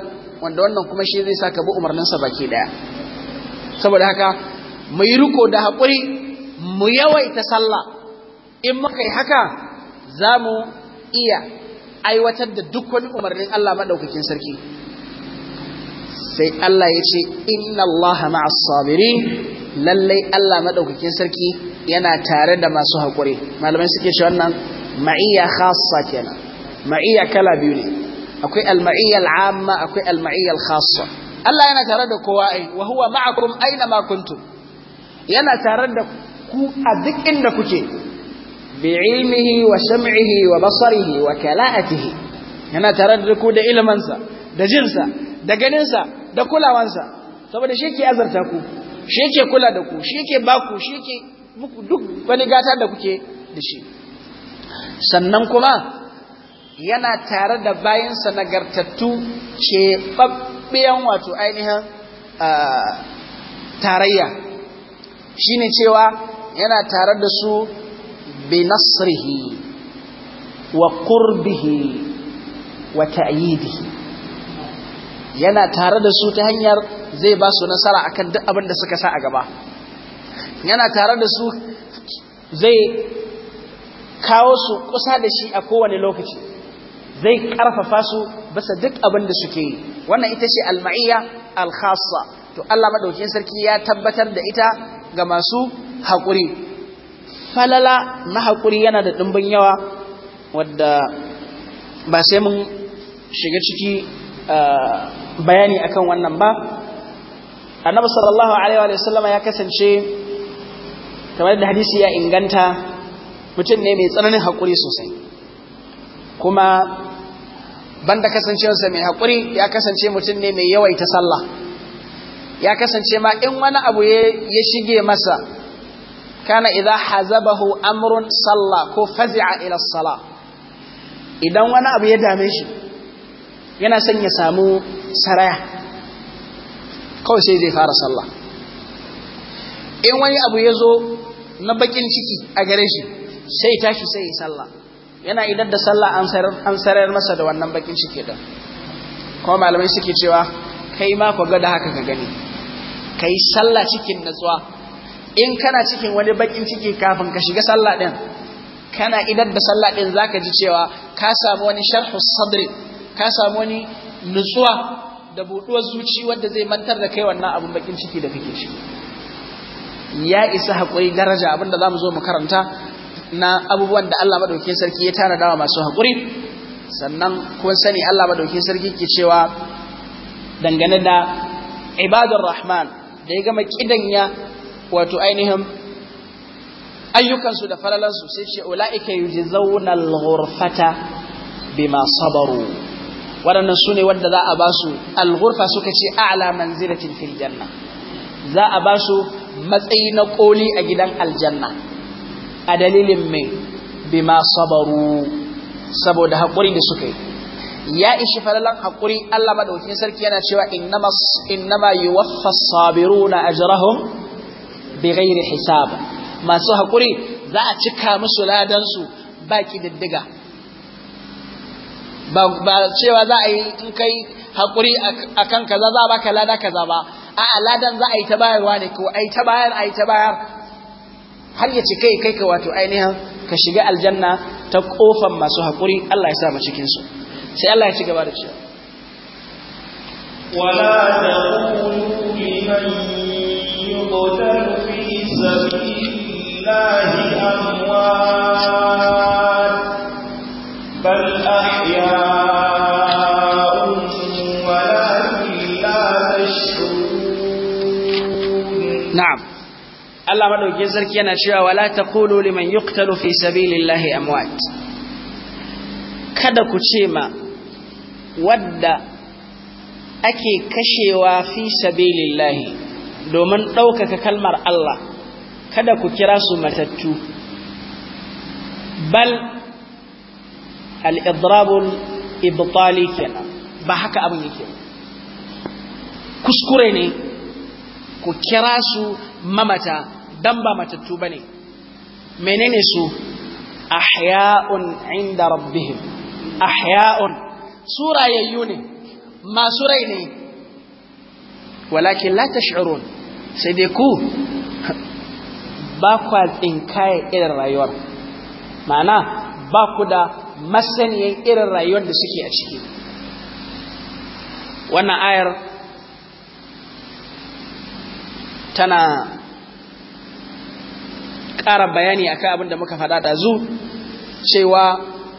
[SPEAKER 1] wanda wannan kuma shi zai saka bi umarninsa baki daya saboda haka mu yi riko da hakuri mu yawaita sallah in muka yi haka za mu iya aiwatar da duk wani umarnin Allah madaukakin sarki sai Allah ya ce inna Allah ma'as sabirin lallai Allah madaukakin sarki yana tare da masu hakuri malamai suke shi wannan ma'iyya khassa kenan ma'iyya kala biyu ne akwai al-ma'iyya al-amma akwai al-ma'iyya al-khassa Allah yana tare da kowa ai wa huwa ma'akum aina ma kuntum yana tare da ku a duk inda kuke bi ilmihi wa sam'ihi wa basarihi wa kala'atihi yana tare da ku da ilmansa da jinsa da ganinsa da kulawansa saboda shi ke azarta ku shi ke kula da ku shi ke baku shi ke muku duk wani gata da kuke da shi sannan kuma yana tare da bayan bayansa nagartattu keɓaɓɓiyan wato ainihin tarayya shine cewa yana tare da su nasrihi wa qurbihi wa ta'yidihi yana tare da su ta hanyar zai ba su nasara akan duk abin da suka sa a gaba yana tare da su zai kawo su kusa da shi a kowane lokaci zai ƙarfafa su basa duk abin da suke yi wannan ita ce alma'iyya alkhassa to Allah madaukakin sarki ya tabbatar da ita ga masu haƙuri falala na hakuri yana da ɗimbin yawa wadda ba sai mun shiga ciki bayani akan wannan ba annabi sallallahu alaihi wa sallama ya kasance kamar da hadisi ya inganta mutum ne mai tsananin hakuri sosai kuma banda kasancewarsa mai haƙuri ya kasance mutum ne mai yawaita sallah ya kasance ma in wani abu ya shige masa kana idan hazabahu amrun sallah ko fazi'a ila sallah idan wani abu ya dame shi yana son ya samu saraya kawai sai zai fara sallah in wani abu ya zo na bakin ciki a gare shi sai tashi sai ya sallah yana idan da sallah an sarar masa da wannan bakin ciki da kuma malamai suke cewa kai ma ku gada haka ka gani kai sallah cikin natsuwa in kana cikin wani bakin ciki kafin ka shiga sallah din kana idan da sallah din zaka ji cewa ka samu wani sharhu sadri ka samu wani nutsuwa da buɗuwar zuci wanda zai mantar da kai wannan abun bakin ciki da kake shi ya isa haƙuri daraja abin da za mu zo mu karanta na abubuwan da Allah madaukakin sarki ya tana dawa masu haƙuri sannan kun sani Allah madaukakin sarki ke cewa dangane da ibadur rahman da ya gama kidanya wato ainihin ayyukansu da falalansu sai ce ula'ika yujzauna al-ghurfata bima sabaru waɗannan su ne wanda za a ba su al-ghurfa suka ce a'la manzilatin fil janna za a ba su matsayi na koli a gidan aljanna a dalilin mai bima sabaru saboda haƙuri da suka yi ya ishi falalan haƙuri Allah madaukakin sarki yana cewa innama innama yuwaffa sabiruna ajrahum bighairi hisab masu haƙuri za a cika musu ladan su ba ba cewa za a yi in kai haƙuri akan kaza za baka lada kaza ba a'a ladan za a yi ta bayarwa ne ko ai ta bayar ai ta bayar har ya ce kai kai ka wato ainihin ka shiga aljanna ta kofan masu haƙuri Allah ya sa mu cikin su sai Allah ya ci gaba da cewa wala taqulu liman yuqtalu fi sabilillahi amwat Allah madaukakin sarki yana cewa wala taqulu liman yuqtalu fi sabilillahi amwat kada ku ce ma wadda ake kashewa fi sabilillahi domin ɗaukaka kalmar Allah kada ku kira su matattu bal al-idrabul ibtali kenan ba haka abin yake kuskure ne ku kira su mamata dan ba matattu bane menene su ahya'un inda rabbihim ahya'un surayayyu ne masu rai ne walakin la tash'urun sai dai ku [LAUGHS] ba kwa tsinkaye irin rayuwar mana ba ku da masaniyan irin rayuwar da suke a ciki wannan ayar tana ƙara bayani a abin da muka faɗa da zu cewa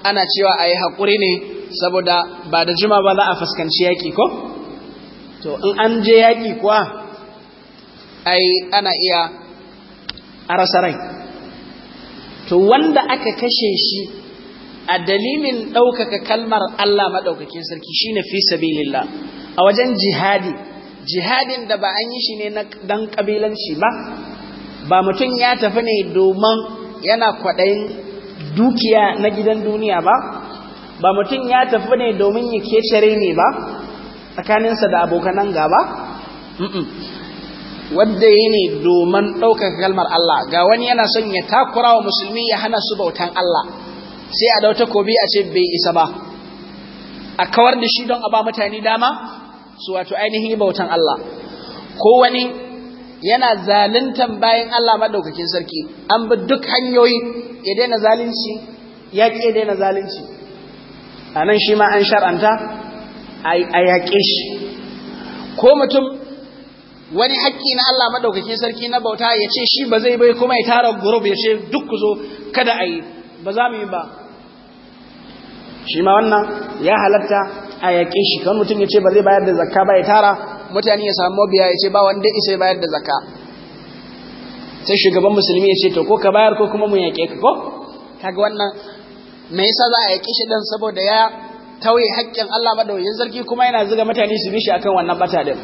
[SPEAKER 1] ana cewa a yi haƙuri ne saboda ba da jima ba za a fuskanci yaƙi ko? to in an je yaƙi kuwa ai ana iya a rasa rai to wanda aka kashe shi a dalilin ɗaukaka kalmar Allah maɗaukakin sarki shi ne fi sabilillah a wajen jihadi jihadin da ba an yi shi ne don ƙabilanci ba ba mutum ya tafi ne domin yana kwaɗayin dukiya na gidan duniya ba ba mutum ya tafi ne domin ya kecere ne ba tsakaninsa da abokanan gaba wadda yi ne domin ɗaukaka kalmar Allah ga wani yana son ya takura wa musulmi ya hana su bautan Allah sai a dauta kobi a ce bai isa ba a kawar da shi don a ba mutane dama su wato ainihin bautan Allah ko wani yana zaluntan bayan Allah madaukakin sarki an bi duk hanyoyi ya daina zalunci ya ke daina zalunci a nan shi ma an shar'anta a yaƙe shi ko mutum wani haƙƙi na Allah madaukakin sarki na bauta ya ce shi ba zai bai kuma ya tara gurub ya ce duk ku zo kada a yi ba za mu yi ba shi ma wannan ya halatta a yaƙe shi kan mutum ya ce ba zai bayar da zakka ba ya tara mutane ya samu biya ya ce ba wanda isa bayar da zaka sai shugaban musulmi ya ce to ko ka bayar ko kuma mu yaƙe ka ko kaga wannan me yasa za a yaƙe shi dan saboda ya tauye haƙƙin Allah madaukakin sarki kuma yana zuga mutane su bi shi akan wannan bata din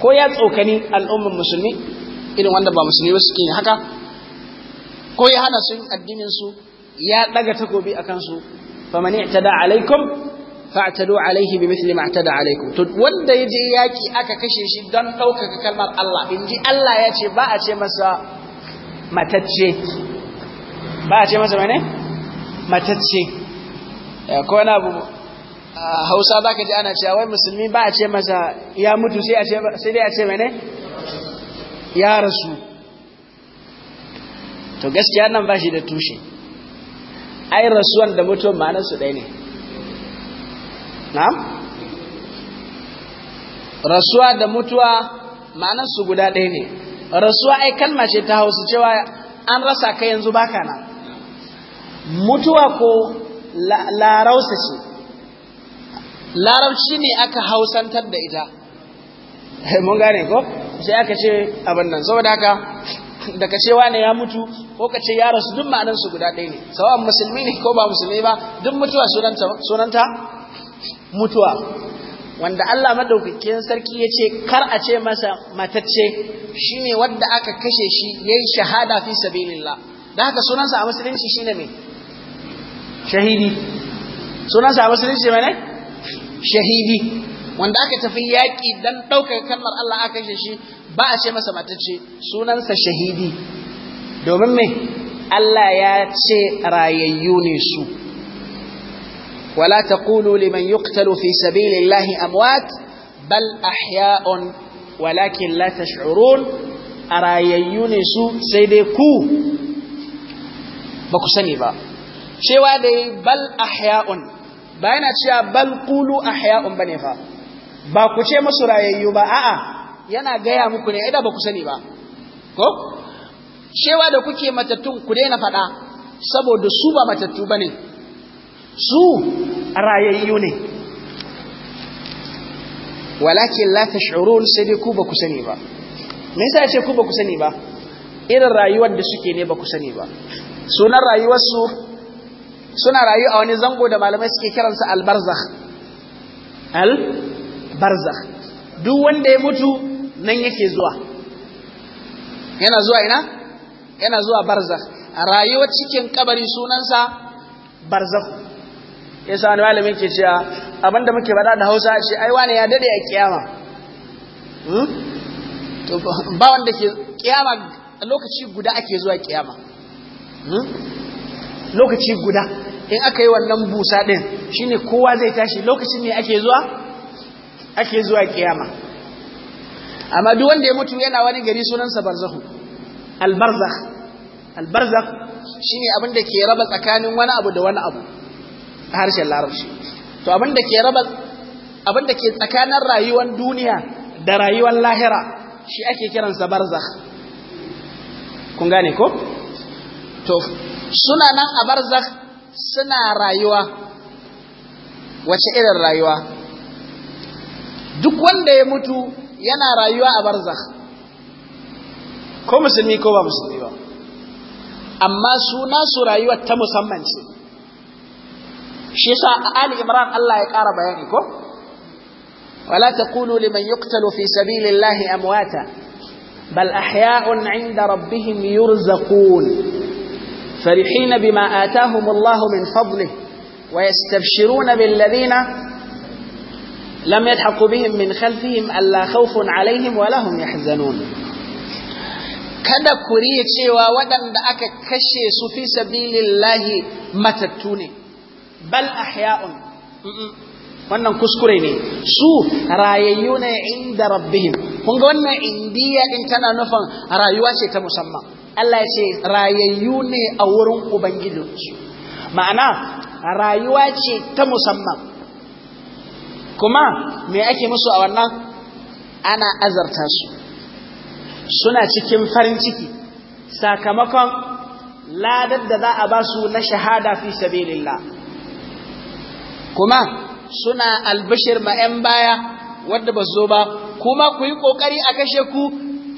[SPEAKER 1] ko ya tsokani al'ummar musulmi irin wanda ba musulmi ba suke haka ko ya hana su addinin su ya daga takobi akan su famani tada alaikum fa'tadu alaihi bi misli ma tada alaikum to wanda yaje yaki aka kashe shi don ɗaukaka kalmar Allah inji Allah ya ce ba a ce masa matacce ba a ce masa mene matacce eh, ko wani abu Hausa ka ji ana cewa wai musulmi ba a ce masa ya mutu sai a ce sai dai a ce mene ya rasu to gaskiya nan ba shi da tushe ai rasuwan da mutum ma'anarsu ɗaya ne na'am rasuwa da mutuwa ma'anar su guda ɗaya ne rasuwa ai kalma ce ta hausa cewa an rasa kai yanzu baka nan mutuwa ko larausa ce larabci ne aka hausantar da ita eh, mun gane ko sai aka ce abin nan saboda haka da ka ce wane ya mutu ko ka ce ya rasu duk ma'anar su guda ɗaya ne sawan musulmi ne ko ba musulmi ba duk mutuwa sunanta mutuwa wanda Allah madaukakin sarki ya ce kar a ce masa matacce shine wanda aka kashe shi yayi shahada fi sabilillah da haka sunansa a musulunci shine me shahidi sunansa a musulunci ne shahidi wanda aka tafi yaƙi dan ɗaukar kallar Allah aka kashe shi ba a ce masa matacce sunansa shahidi domin me Allah ya ce rayayyu ne su ولا تقولوا لمن يقتل في سبيل الله أموات بل أحياء ولكن لا تشعرون أرايون سو سيدكو بكسني با شوى دي بل أحياء باينا شوى بل قولوا أحياء بنفا باكوشي مصر أيو با آآ yana gaya muku ne idan ba ku sani ba ko shewa da kuke matattun ku daina faɗa saboda su ba matattu bane su rayayyu ne walakin la tash'urun sai dai ku ba ku sani ba me yasa ce ku ba ku sani ba irin rayuwar da suke ne ba ku sani ba sunan rayuwarsu suna rayu a wani zango da malamai suke kiransa al albarzakh duk wanda ya mutu nan yake zuwa yana zuwa ina yana zuwa barzakh rayuwar cikin kabari sunansa barzakh yasa wani malami ke cewa abinda muke bada da Hausa ce ai wani ya dade a kiyama hmm? to ba wanda ke kiyama lokaci guda ake zuwa kiyama hmm? lokaci guda in aka yi wannan busa din shine kowa zai tashi lokacin ne ake zuwa ake zuwa kiyama amma duk wanda ya mutu yana wani gari sunansa barzahu albarzakh albarzakh shine abin da ke raba tsakanin wani abu da wani abu harshen larabci to abin da ke raba abinda ke tsakanin rayuwar duniya da rayuwar lahira shi ake kiransa barzakh kun gane ko to suna nan a barzakh suna rayuwa wace irin rayuwa duk wanda ya mutu yana rayuwa a barzakh ko musulmi ko ba musulmi ba amma suna su rayuwar ta musamman ce shi yasa ali imran Allah ya ƙara bayani ko wala taqulu liman yuqtalu fi sabilillahi amwata bal ahya'un 'inda rabbihim yurzaqun farihin bima atahum Allah min fadlihi ويستبشرون بالذين لم يلحقوا بهم من خلفهم ألا خوف عليهم ولا هم يحزنون kada ku riya cewa waɗanda aka kashe su fi sabilillahi matattu ne bal ahya'un wannan kuskure ne su rayayyu ne inda rabbihim kun ga wannan indiya din tana nufin rayuwa ce ta musamman Allah ya ce rayayyu ne a wurin ubangijinsu ma'ana rayuwa ce ta musamman kuma me ake musu a wannan ana azarta su suna cikin farin ciki sakamakon ladar da za a ba su na shahada fi sabilillah kuma suna albishir ma ‘yan baya wadda ba zo ba, kuma kuyi yi ƙoƙari a kashe ku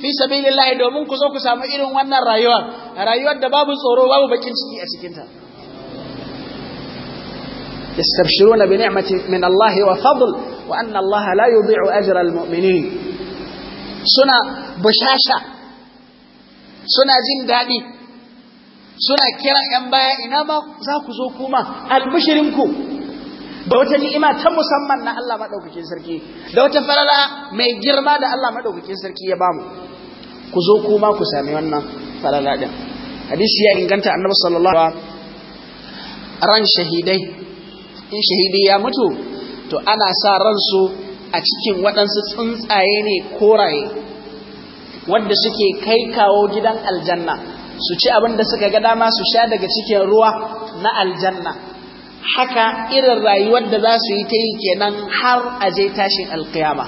[SPEAKER 1] fi sabi lillahi domin ku zo ku samu irin wannan rayuwar, rayuwar da babu tsoro babu bakin ciki a cikinta. Istabshiruna bi ni'mati min Allahi wa fadl wa anna Allah la yudhi'u ajra al-mu'minin. Suna bushasha. Suna jin daɗi Suna kira yan baya ina ba zaku zo kuma albishirinku. da wata ni'ima ta musamman na Allah madaukakin sarki da wata farala mai girma da Allah madaukakin sarki ya bamu ku zo kuma ku sami wannan farala din hadisi ya inganta annabi sallallahu alaihi ran shahidai in shahidi ya mutu to ana sa ransu a cikin waɗansu tsuntsaye ne koraye wanda suke kai kawo gidan aljanna su ci abin da suka ga dama su sha daga cikin ruwa na aljanna haka irin rayuwar da za su yi ta yi kenan har a je tashin alkiyama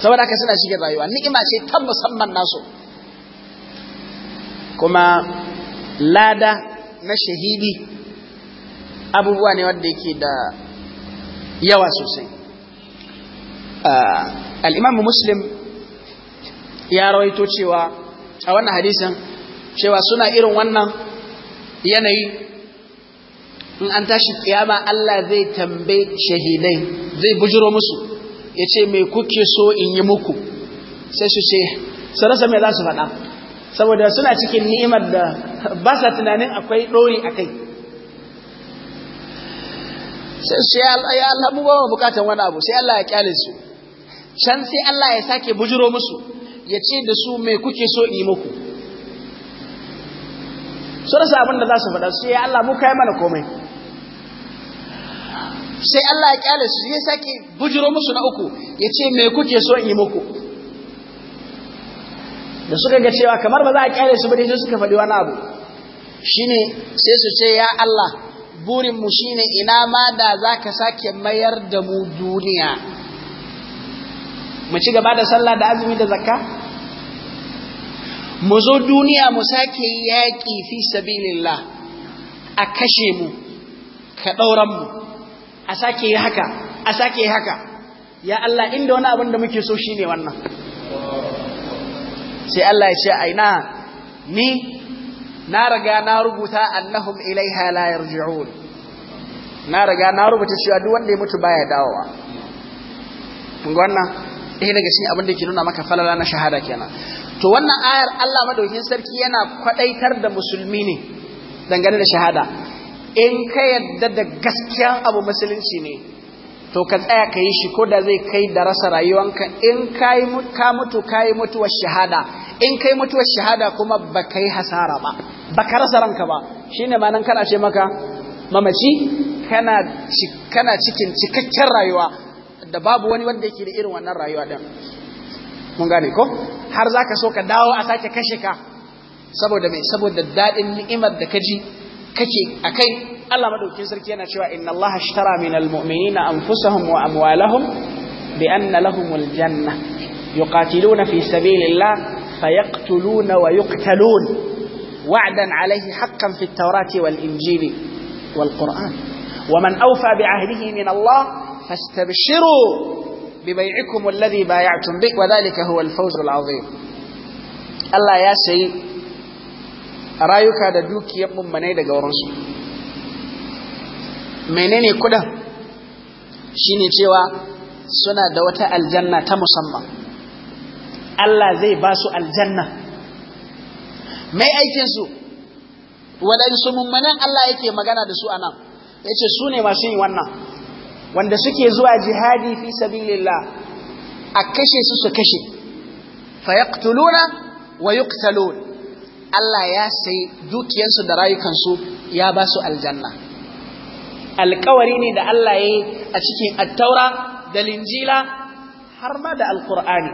[SPEAKER 1] saboda haka suna shigar rayuwa ni'ima ce ta musamman nasu kuma lada na shahidi abubuwa ne wanda yake da yawa sosai al'imamu muslim ya rawaito cewa a wannan hadisin cewa suna irin wannan yanayi in an tashi kiyama Allah zai tambayi shahidai zai bujiro musu ya ce mai kuke so in yi muku sai su ce su rasa mai za su faɗa saboda suna cikin ni'imar da ba sa tunanin akwai ɗori a kai sai su ya Allah mu ba bukatan wani abu sai Allah ya kyale su can sai Allah ya sake bujiro musu ya ce da su mai kuke so in yi muku su rasa abin da za su faɗa su ya Allah mu kai mana komai sai Allah ya kyale su ya sake bujiro musu na uku ya ce me kuke so in yi muku da suka ga cewa kamar ba za a kyale su ba dai suka faɗi wani abu shine sai su ce ya Allah burin mu shine ina ma da za ka sake mayar da mu duniya mu ci gaba da sallah da azumi da zakka mu zo duniya mu sake yaƙi fi sabilillah a kashe mu ka ɗauran mu Asake sake yi haka a sake yi haka ya Allah inda wani abin da muke so shine wannan sai Allah ya ce aina ni na riga na rubuta annahum ilaiha la yarji'un na riga na rubuta cewa duk wanda ya mutu baya dawowa kun ga wannan eh daga cikin abin da ke nuna maka falala na shahada kenan to wannan ayar Allah madaukin sarki yana kwadaitar da musulmi ne dangane da shahada in ka yadda da gaskiyan abu musulunci ne to ka tsaya ka yi shi ko da zai kai da rasa rayuwanka in ka mutu ka yi mutuwar shahada in ka yi mutuwar shahada kuma ba ka yi hasara ba ba ka rasa ranka ba shi ne manan kana ce maka mamaci kana cikin cikakken rayuwa da babu wani wanda yake da irin wannan rayuwa ɗin mun gane ko har za ka so ka dawo a sake kashe ka saboda mai saboda daɗin ni'imar da ka ji kake akai Allah madaukin sarki yana cewa inna Allah ashtara min almu'minina anfusahum wa amwalahum bi anna lahum aljanna yuqatiluna fi sabilillah fayaqtuluna wa yuqtalun wa'dan alayhi haqqan fi at tawrati wal injili wal qur'an wa man awfa bi ahdihi min Allah fastabshiru ببيعكم الذي بايعتم به وذلك هو الفوز العظيم الله يا سيد rayuka da dukiyar mummanai daga wurinsu menene kudin Shi ne cewa suna da wata aljanna ta musamman Allah zai ba su aljanna mai aikinsu waɗansu mummanan Allah yake magana da su a nan ya ce su ne masu yi wannan wanda suke zuwa jihadi fi sabilillah a kashe su su kashe Fayaktuluna wa yuqtalun Allah ya sayi dukiyarsu da rayukansu ya ba su aljanna alkawari ne da Allah ya yi a cikin attaura da linjila har ma da alkur'ani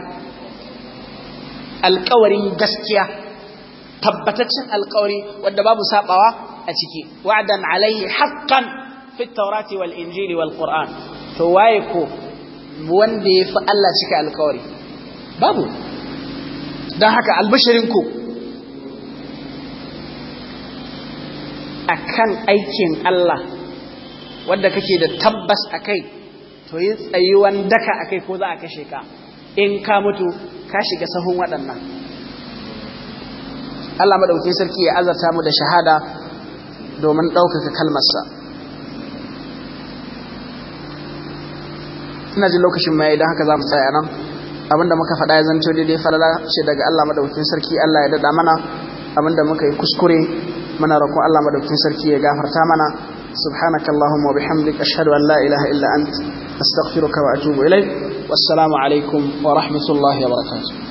[SPEAKER 1] alkawari gaskiya tabbataccen alkawari wadda babu sabawa a ciki wa'dan alaihi haqqan fi wal injili wal to waye ko wanda ya fi Allah cika alkawari babu don haka albashirinku akan aikin Allah wadda kake da tabbas akai to yi tsayuwan daka akai ko za a kashe ka in ka mutu ka shiga sahun waɗannan Allah madaukin sarki ya azarta mu da shahada domin ɗaukaka kalmarsa ina jin lokacin mai idan haka za mu tsaya nan abinda muka faɗa ya zanto daidai falala ce daga Allah madaukin sarki Allah ya daɗa mana abinda muka yi kuskure muna roƙon Allah madaukakin sarki ya gafarta mana subhanakallahumma wa bihamdik ashhadu an la ilaha illa ant astaghfiruka wa atubu ilaik wassalamu alaikum wa rahmatullahi wa barakatuh